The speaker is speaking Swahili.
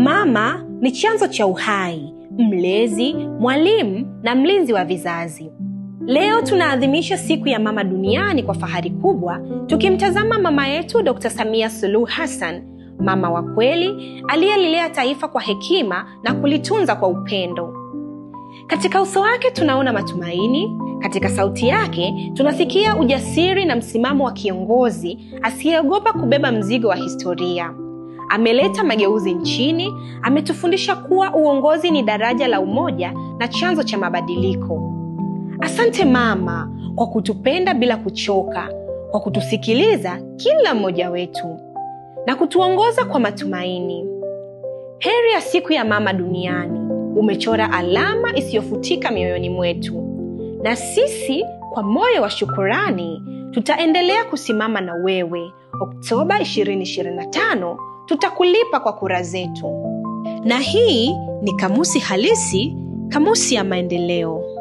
Mama ni chanzo cha uhai, mlezi, mwalimu na mlinzi wa vizazi. Leo tunaadhimisha siku ya mama duniani kwa fahari kubwa, tukimtazama mama yetu Dr. Samia Suluhu Hassan, mama wa kweli aliyelilea taifa kwa hekima na kulitunza kwa upendo. Katika uso wake tunaona matumaini, katika sauti yake tunasikia ujasiri na msimamo wa kiongozi asiyeogopa kubeba mzigo wa historia. Ameleta mageuzi nchini, ametufundisha kuwa uongozi ni daraja la umoja na chanzo cha mabadiliko. Asante mama kwa kutupenda bila kuchoka, kwa kutusikiliza kila mmoja wetu na kutuongoza kwa matumaini. Heri ya siku ya mama duniani. Umechora alama isiyofutika mioyoni mwetu, na sisi kwa moyo wa shukurani tutaendelea kusimama na wewe Oktoba 2025 tutakulipa kwa kura zetu. Na hii ni Kamusi Halisi, Kamusi ya Maendeleo.